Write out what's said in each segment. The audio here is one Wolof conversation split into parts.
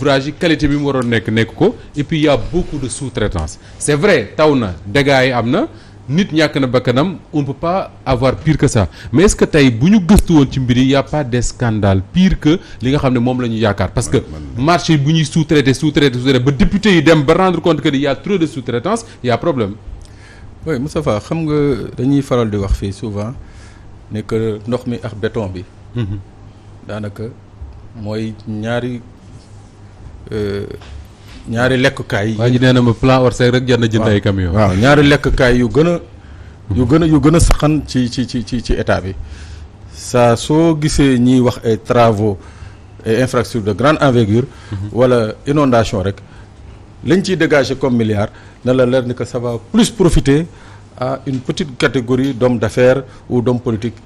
ouvrage yi qualité bi mu waroon nekk nekk ko et puis il y a sous-traitance c'est vrai taw na dégâts yi am na nit ñàkk na bakkanam on ne pas avoir pire que ça mais est-ce tey bu ñu gëstu woon ci mbir yi y a pas des scandales li nga xam ne moom la ñu yaakaar parce que marché bu ñuy sous-traité sous-traité sous-traité ba député yi dem ba rendre compte que il y a trop de sous-traitance il problème oui xam nga dañuy faral di wax fii souvent ne ndox mi ak béton bi mhm. Euh, ñaari lekkukaay. waa ji nee na ma plan Orsec rek jënd jënd ay camion waaw ñaari lekkukaay yu gën a. yu gën a yu gën a saxan ci ci ci ci ci état bi sa soo gisee ñiy wax ay travaux et infrastructures de grande envergure. Mhm. wala inondation rek. lañ ciy dégager comme milliard na la leer ni que ça plus profité à une petite catégorie d'hommes d'affaires ou d'hommes politiques.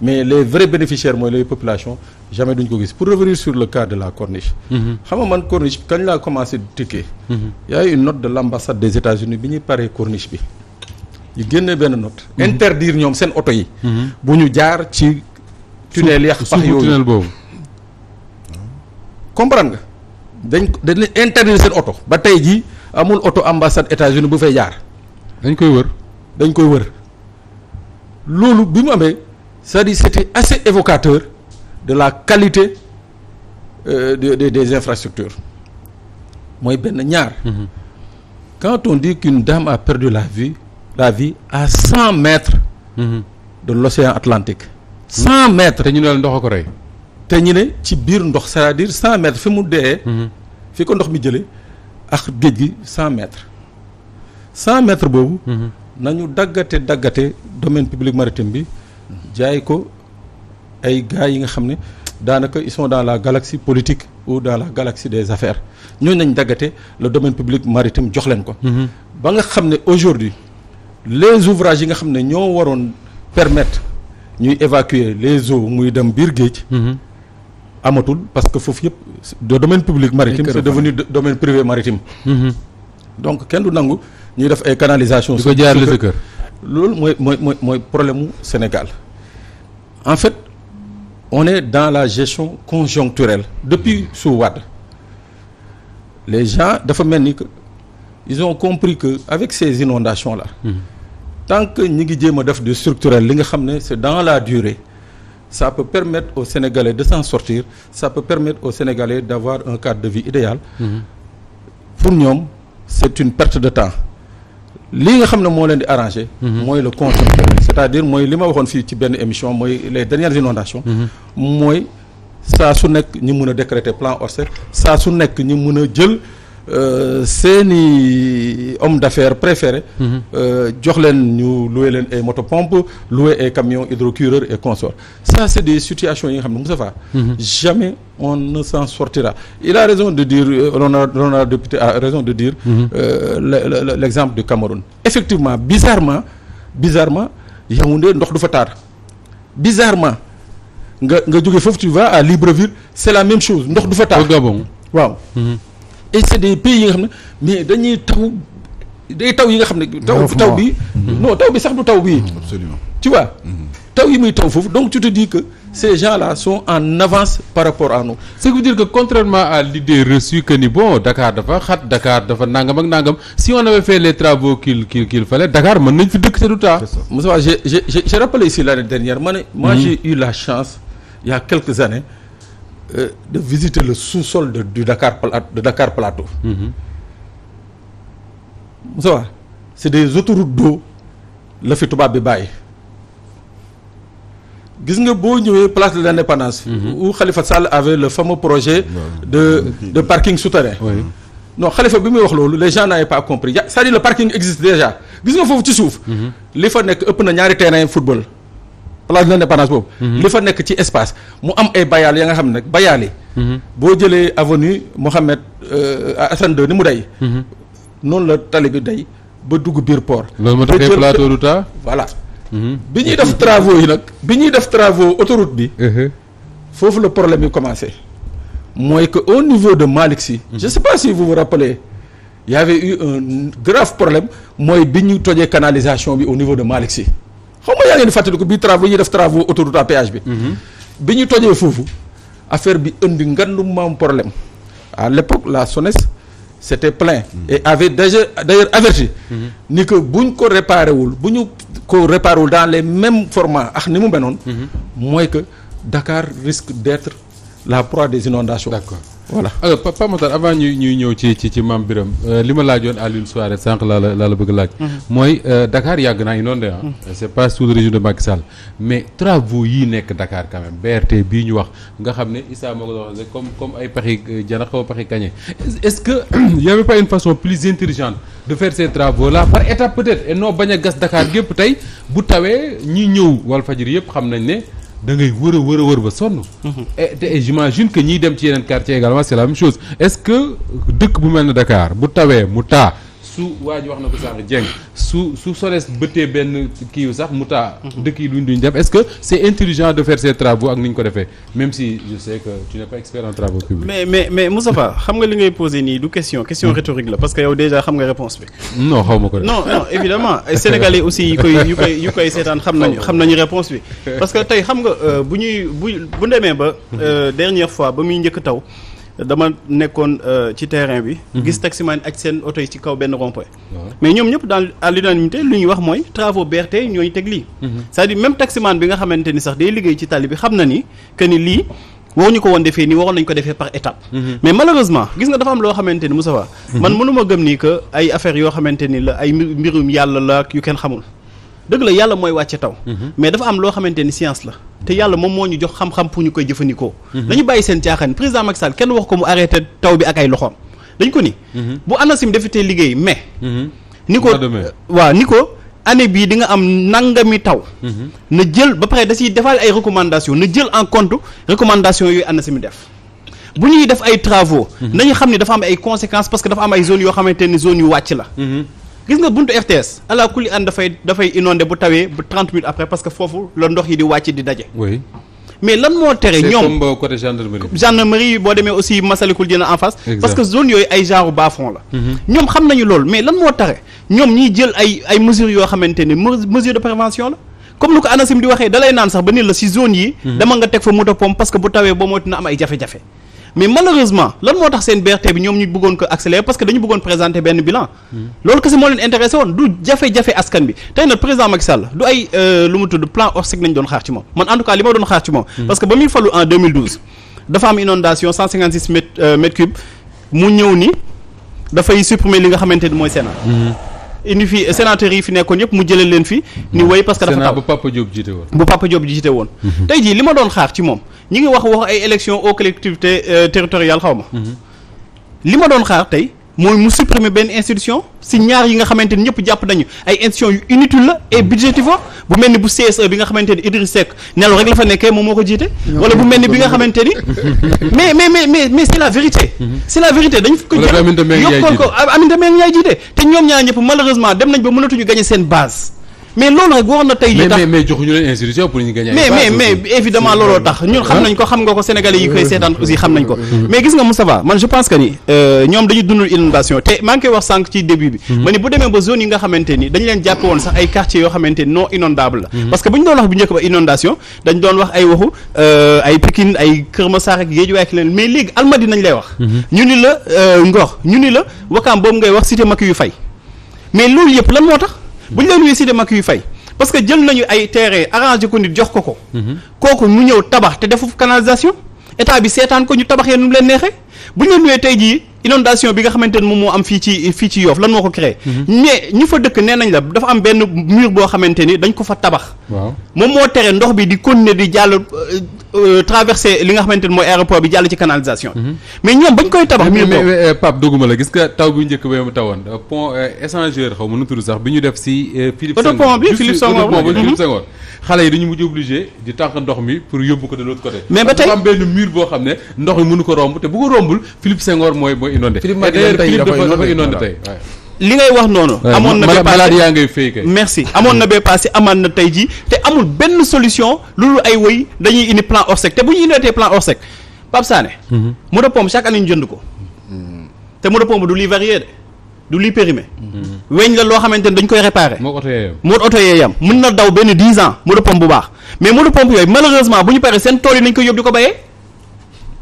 mais les vrais bénéficiaires mooy les population jamais duñ ko gis pour revenir sur le cas de la corniche mm-hmm. xam man corniche kañ laa commencé tikkee mm-hmm. y une note de l'ambassade des États-Unis bi ñuy paree corniche bi ñu génnee benn note mm-hmm. interdire ñoom seen oto yi bu ñu jaar ci tunnel yax pax yooyu tunnel ah. nga dañ dañ interdire seen oto ba tey jii amul oto ambassade États-Unis bu fay jaar dañ koy wër dañ koy wër loolu bi mu amee c'est-à-dire c'était assez évocateur de la qualité euh, de, de, des infrastructures mooy benn ñaar mm-hmm. quand on dit dame a perdu la vie la vie à cent mètres mmh. de l'océan Atlantique mm-hmm. cent mètres te ñu ne la ndox a ko rey te ñu ne ci biir ndox c'est-à-dire cent mètres fi mu dee mm-hmm. fi ko ndox mi jële ak géej gi cent mètres mètres boobu nañu daggate daggate domaine public maritime bi jaay ko ay gars yi nga xam ne daanaka ils sont dans la galaxie politique ou dans la galaxie des affaires ñooñu nañ daggate le domaine public maritime jox leen ko. Mhm. ba nga xam ne aujourd'hui les ouvrages yi nga xam ne ñoo waroon permettre ñuy évacuer les eaux muy dem biir géej. Mhm. amatul parce que foofu yëpp le domaine public maritime c'est devenu domaine privé maritime. Mhm. donc kenn du nangu ñuy def ay canalisations. di ko jaarale sa kër loolu mooy mooy mooy problème mu Sénégal. en fait on est dans la gestion conjoncturelle depuis su Wade les gens dafa mel ni que ils ont compris que avec ces inondations là hmm. tant que ñi ngi jéem a def du structurel li nga xam ne c'est dans la durée ça peut permettre aux Sénégalais de s'en sortir ça peut permettre aux Sénégalais d'avoir un cadre de vie idéal hmm. pour ñoom c'est une perte de temps lii nga xam ne moo leen di arrangé mhm. mooy le conjoncturel c'est-à-dire mooy li ma waxoon fii ci benn émission mooy les dernières inondations mhm. mooy saa su nekk ñu mun a décréter plan Orsec saa su nekk ñu mun a jël euh, seeni homme d'affaires préféré mhm. euh, jox leen ñu loué leen ay motopompes loué ay camions hydrocureurs et consorts ça c'est des situation yi nga xam ne Moustapha jamais on ne s'en sortira il a raison de dire euh, l'honorable député a raison de dire mm -hmm. euh, l'exemple du Cameroun effectivement bizarrement bizarrement Yaoundé ndox du fa taar bizarrement nga nga jógee foofu tu vas à Libreville c'est la même chose ndox du fa taar au Gabon waaw mhm. et c'est des pays yi nga xam ne mais dañuy taw day taw yi nga xam ne taw taw bi mhm. non taw bi sax du taw bi absolument tu vois mm -hmm. taw yi muy taw foofu donc tu te dis que ces gens-là sont en avance par rapport à nous. ce qui veut dire que contrairement à l'idée reçue que ni bon Dakar dafa xat Dakar dafa nangam ak nangam si on avait fait les travaux qu'il qu'il qu'il fallait Dakar mën nañ fi dëkk te du taa. Moussa j'ai j'ai j'ai rappelé ici l'année dernière ma ne. moi hmm. eu la chance il y a quelques années euh, de visiter le sous-sol de du Dakar de Dakar Plateau. Hmm. c'est des autoroutes la fi tubaab bi bàyyi. gis nga boo ñëwee place de l'indépendance mhm. où Khalifa Sall avait le fameux projet de de parking souterrain non Khalifa bi muy wax loolu les gens n'avaient pas compris c'est-à-dire le parking existe déjà gis nga foofu ci suuf mhm. li fa nekk ëpp na ñaari terrain football place de l'indépendance boobu mhm. li fa nekk ci espace mu am ay bayaal ya nga xam ne nag bayaal yi boo jëlee avenue Mohamed Hassan euh, II ni mu day noonu la tali bi day ba dugg biir port loolu moo tax plateau du Mm-hmm. bi ñuy def travaux yi nag bi ñuy def travaux autoroute bi mm-hmm. foofu la problème yi commencé mooy que au niveau de Malick Sy mm-hmm. je ne sais pas si vous vous eu un grave problème mooy bi ñu tojee canalisation bi au niveau de Malick Sy xaw ma yaa ngeen fàttaliku bii travaux yi ñuy def travaux autoroute à péage bi bi ñu tojee foofu affaire bi indi ngandum maam problème à l'époque la SONES c'était plein et avait déjà d'ailleurs averti ni que buñ ko réparé wul bu ñu ko réparé wul dans les mêmes formats ak ni mu menoon mhm. mooy que Dakar risque d'être la proie des inondations d'accord voilà alors Pape Makhtar avant ñuy ñëw ci ci ci maam Birame euh, li laajoon Alioune Souaré sànq laa la laa bëgg laaj. Mhm. mooy euh, Dakar yàgg naa inondé ah. Mhm. Euh, c' est pas sous le de Macky Sall mais travaux yi nekk Dakar quand même BRT bii ñu wax nga xam ne Issa moo ko doon comme comme ay paxi jana xaw paxi kañe est ce que y' avait pas une façon plus intelligente de faire ces travaux par étape peut être et non bañ a gas Dakar gépp tey bu tawee ñi ñëw fajir yëpp xam nañ ne. dangay ngay wër a wër a wër ba sonn. Mhm. et te j'imagine que ñiy dem ci yeneen quartier également c'est la même chose est-ce que dëkk bu mel ne Dakar bu tawee mu taa. su waa ji wax na ko su su solees bëttee benn kiiw sax mu taa. Mhm. dëkk yi duñ duñ def est-ce que c'est intelligent de faire ces travaux ak ni ko defee même si je sais que mais mais mais xam nga li ngay posé nii du question question mhm. rhétorique la parce que yow déjà xam nga réponse bi. non xaw ma ko non non évidemment ay sénégalais aussi yu koy yu koy yu koy seetaan xam nañu xam nañu réponse bi parce que tey xam nga euh, bu ñuy bu bu demee ba mhm. euh, dernière fois ba muy njëkk taw. dama nekkoon euh, ci terrain bi. Mhm. gis taximan ak seen oto yi ci kaw benn rond-point. mais ñoom ñëpp dans à l'unanimité lu ñuy wax mooy travaux BRT ñooy teg lii. Mhm. sa à dire même bi nga xamante ni sax day liggéey ci taali bi xam na ni que ni lii. waruñu ko woon defee nii waroon nañu ko defee par étape. Mhm. mais malheureusement gis nga dafa am loo xamante ni Moustapha man mënuma gëm nii que ay affaires yoo xamante ni la ay mbirum yàlla la yu kenn xamul. dëgg la yàlla mooy wàcce taw mhm. mais dafa am loo xamante ni science la te yàlla moom moo ñu jox xam-xam pour ñu koy jëfandikoo dañu mhm. bàyyi seen caaxaan président Macky Sall kenn wax ko mu arrêté taw bi ak ay loxoom dañ ko ni mhm. bu ANACIM te liggéey mais ni ko waaw ni ko année bii di nga am nangami taw na jël ba pare da ciy defaale ay recommandation na jël en compte recommandation yooyu ANACIM def bu ñuy def ay na nañu xam ne dafa am ay conséquences parce que dafa ay zones yoo xamante ni zone yu wàcc la gis nga buntu RTS ala kulli an dafay dafay inondé bu tawee bu 30 minutes après parce que foofu la ndox yi di wàcc di daje. oui mais lan moo tere ñoom euh, demee aussi Masalikul Jinaan en face. parce que zone yooyu ay genre bas la. Mhm. ñoom xam nañu loolu mais lan moo tere ñoom ñiy jël ay ay mesures yoo xamante ne mesure de prévention la. comme ni ko ANACIM di waxee dalay naan sax ba ni la si zone yi. Mhm. dama nga teg fa moto pompe parce que bu tawee boo moytu na am ay jafe-jafe. mais malheureusement lan moo tax seen BRT bi ñoom ñu bëggoon ko accélérer parce que dañu bëggoon présenter benn bilan hmm. loolu kese moo leen intéressé woon du jafe-jafe askan bi tey nag président Macky Sall du ay euh, lu mu tudd plan ORSEC nañ doon xaar ci moom man en li ma doon xaar ci moom hmm. parce que ba muy falu en dafa am inondation 156 mètres euh, mètres cubes mu ñëw ni dafay supprimer li nga xamante ni mooy Sénat hmm. indi fi sénateur yi fi nekkoon yëpp mu jëlee leen fi ni way parce que dafa taw bu Papa Diop jiite woon bu Papa Diop jiite woon mhm. tey jii li ma doon xaar ci moom ñi ngi wax wax ay élection aux collectivités euh, territoriales xaw ma mhm. li ma doon xaar tey mooy mu supprimer benn institution si ñaar yi nga xamante ni ñëpp jàpp nañu ay institution yu inutile la et budgétivore bu mel ni bu CSE bi nga xamante ni Idriss Seck nelaw rek la fa nekkee moom moo ko jiite wala bu mel ni bi nga xamante ni mais mais mais mais mais c'est la vérité mm-hmm. c'est la vérité dañu ko jël yokkal ko Aminata Mbengue Ndiaye ah, jiite te ñoom ñaar ñëpp malheureusement dem nañ ba mënatuñu gagner seen base mais loolu nag waroon na tey jii tax mais mais joxuñu leen institution pour ñu gagner mais mais mais évidemment looloo tax ñun xam nañ ko xam nga ko sénégalais yi koy seetaan aussi xam nañ ko mais gis nga Moustapha man je pense que ni euh, dañu dundul inondation te maa ngi koy wax sànq ci début bi mhm. ma ni bu demee ba zone yi nga xamante ni dañ leen jàpp woon sax ay quartiers yoo xamante non inondable la mhm. parce que bu ñu doon wax bu njëkk ba inondation dañ doon wax ay waxu euh, ay Pikine ay Kër Massar ak ak leen mais léegi Almadies mhm. ni la euh, Ngor ñu boobu ngay wax cité Macky yu fay yëpp lan moo tax bu ñu leen wuyee cité Macky yu fay parce que jël nañu ay terrain arrangé ko nit jox ko ko mm-hmm. kooku mu ñëw tabax te defu canalisation état bi seetaan ko ñu tabaxee nu mu leen neexee bu ñu ñëwee tey jii inondation bi nga xamante ne moom moo am fii ci fii ci Yoff lan moo ko créé. Mhm. mais ñu fa dëkk nee nañ la dafa am benn mur boo xamante ni dañ ko fa tabax. waaw moom moo tere ndox bi di continuer di jàll euh, euh, traversé li nga xamante ne mooy aéroport bi jàll ci canalisation. Mhm. mais ñoom bañ koy tabax. mur boobu mais euh, Pape dugguma la gis nga taw bu njëkk ba mu tawoon pont échangeur xaw ma nu tudd sax bi ñu def si. Philippe Senghor autopont bi Philippe Senghor xale yi dañu mujj obligé di tànq ndox mi pour yóbbu ko de l'autre côté. mais ba tey am benn mur boo xam ne ndox mi mënu ko romb te bu ko rombul Philippe Senghor mooy mooy inondé. Philippe dafa inondé tey li ngay wax noonu. amoon na bee paase yaa ngay fay kay. merci amoon na bee paase amaat na tey jii te amul benn solution loolu ay woy dañuy indi plan ORSEC te bu ñu indiwatee plan ORSEC Pape Sané. mu mhm. de pompe chaque année ñu jënd ko. Mhm. te mu de du liy varié de. du luy périmé. weñ la loo xamante ni dañ koy réparé. moo oto yee yam moo oto na daw benn dix ans moto pompe bu baax mais moto pompe yooyu malheureusement bu ñu paree seen tool yi nañ koy yóbbu di ko béyee.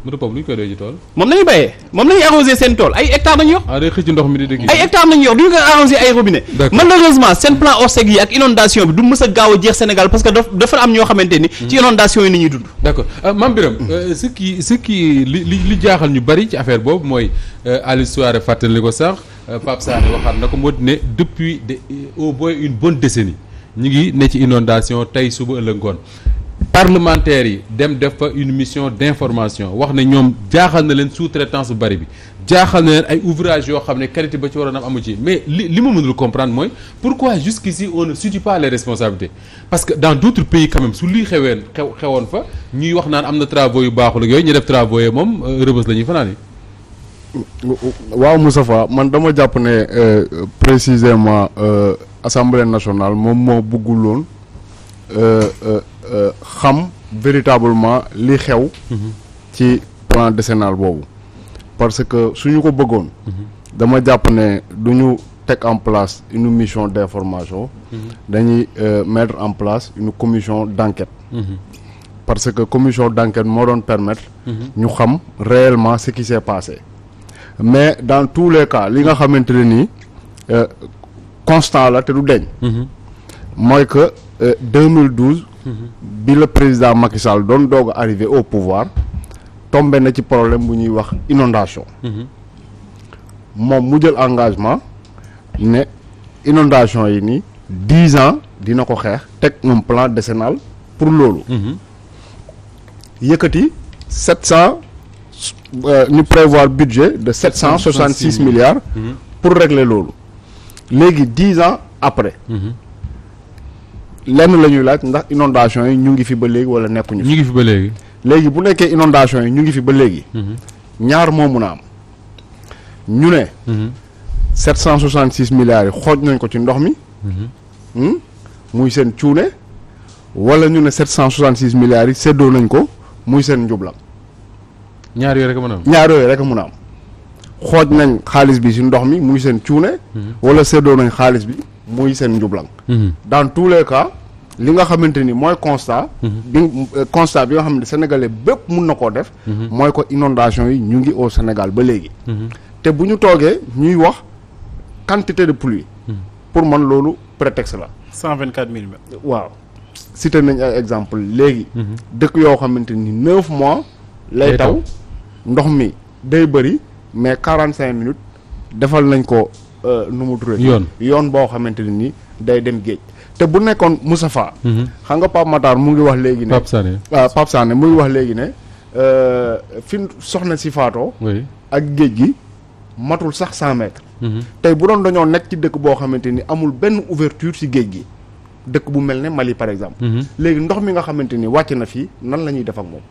moto pompe lu ñu moom nañu béyee moom nañu arrosé seen tool ay hectares nañu yor. ah day ndox mi di dëgg. ay hectares nañu yor du ñu ko arrosé ay robinet. malheureusement seen plan ORSEC yi ak inondation bi du mës a gaaw a jeex Sénégal parce que dafa am ñoo xamante ni. ci inondation yi ni ñuy dund. d' accord euh, Mame Birame mm. euh, ce qui li jaaxal ñu bari ci affaire boobu mooy euh, Aliou Souaré fàttali ko sax Euh, Pape Sané waxaat na ko moo di ne depuis de euh, au moins une bonne décennie ñu ngi ne ci inondation tey suba ëllëg ngoon parlementaires yi dem def fa une mission d'information wax ne ñoom jaaxal na leen sous-traitance bu bari bi jaaxal na leen ay ouvrage yoo xam ne qualité ba ci waroon am amu ci mais li li ma mënul comprendre mooy pourquoi jusqu'ici on ne situe pas les responsabilités parce que dans d'autres pays quand su lii xeween xew xewoon fa ñuy wax naan am na travaux yu baaxul ak yooyu ñu def moom euh, rëbës la ñuy fanaan waaw Moustapha man dama jàpp ne euh, précisément euh, assemblée nationale moom moo bëgguloon euh, xam véritablement li xew. Mhm. ci plan décennal boobu. parce que suñu ko bëggoon. Mhm. dama jàpp ne du ñu teg en place une mission d'information. Mhm. dañuy mettre en place une commission d'enquête. parce que commission d'enquête moo doon permettre. ñu xam réellement ce qui s'est passé. mais dans tous les cas li nga xamante ne nii euh, constant la te du deñ mhm. mooy que 2012. Euh, mhm. bi la président Macky Sall doon doog a arrivé au pouvoir tombe na ci problème bu ñuy wax inondation mhm. moom mu jël engagement ne inondation yi nii dix ans dina ko xeex teg un plan décennal pour loolu yëkkati sept Euh, ñu prévoir budget de sept cent soixante six milliards mhm. pour régler loolu léegi dix ans après mhm. lenn la ñuy laaj ndax inondation yi ñu ngi fi ba léegi wala nekkuñu ñu ngi fi ba léegi léegi bu nekkee inondation yi ñu ngi fi ba léegi mhm. ñaar moo mun am ñu ne sept cent soixante six milliards yi xooj nañ ko ci ndox mi hmm? muy seen cuune wala ñu ne sept cent soixante six milliards yi séddoo nañ ko muy seen njublam ñaar yooyu rek mën a am ñaar yooyu a am xooj nañ xaalis bi si ndox mi muy seen cuune. wala séddoo nañ xaalis bi muy seen njublang. Mhm. dans tous les cas li nga xamante ni mooy constat. Mhm. bi euh, bi nga xam ne sénégalais bëpp mun na koo def. Mhm. mooy ko inondation yi ñu ngi au Sénégal ba léegi. te bu ñu toogee ñuy wax quantité de pluie. pour man loolu prétexte la. 124 millimètres. waaw cité nañ ay exemple léegi. dëkk yoo xamante ni 9 mois. lay taw. ndox mi day bëri mais quarante 45 minutes defal nañ ko euh, nu mu turee. yoon yoon boo xamante ne nii day dem géej. te bu nekkoon Moustapha. Mhm. xam nga Pape Matar mu ngi wax léegi ne. Pape Sané waaw ah, mu ngi wax léegi ne euh, fi soxna si faatoo. ak géej gi matul sax 100 mètres. Mhm. tey bu doon dañoo nekk ci dëkk boo xamante ni amul benn ouverture si géej gi. dëkk bu mel ne Mali par exemple. Mhm. léegi ndox mi nga xamante ni wàcc na fii nan la ñuy def ak moom.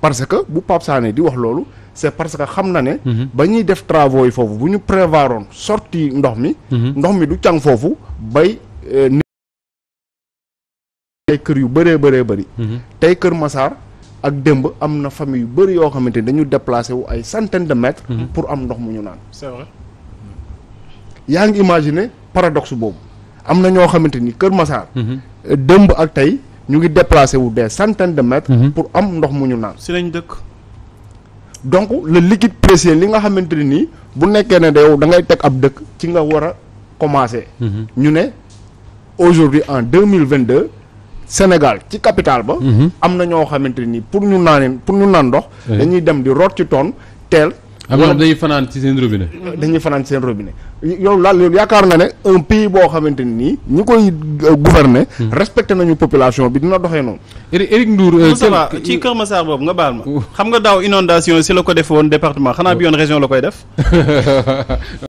parce que bu Pape Sané di wax loolu c'est parce que xam na ne. Mhm. ba ñuy def travaux yi foofu bu ñu on sorti ndox mi. Mhm. ndox mi du càng foofu bay. Euh, ay kër yu bëree bëree bëri. Mhm. tey Kër Massar ak dëmb am na famille yu bëri yoo xamante ni dañu déplacé wu ay centaine de pour am ndox mu ñu naan. c'est vrai. yaa ngi imaginer paradoxe boobu am na ñoo xamante ni Kër Massar. Euh, démb ak tey. ñu ngi déplacé wu des centaines de mètres. Mhm. pour am ndox mu ñu naan. si lañ dëkk. donc le liquide précieux li nga xamante ne nii bu nekkee ne da yow da ngay teg ab dëkk ci nga war a commencer. Mhm. ñu ne aujourd'hui en deux mille vingt deux Sénégal ci capital ba. Mhm. am na ñoo xamante nii pour ñu naanee pour ñu naan ndox. dañuy dem di root ci toon teel. am na dañuy fanaan ci seen robinet. dañuy fanaan ci seen robinet yow laal yow yaakaar na ne un pays boo xamante nii ñi koy euh, gouverner. Hmm. respecté nañu population bi dina doxee noonu. Éric Ndour. Euh, ci Kër Massar boobu nga baal ma. xam nga daaw inondation si la ko def woon département xanaa bi yoon région la koy def.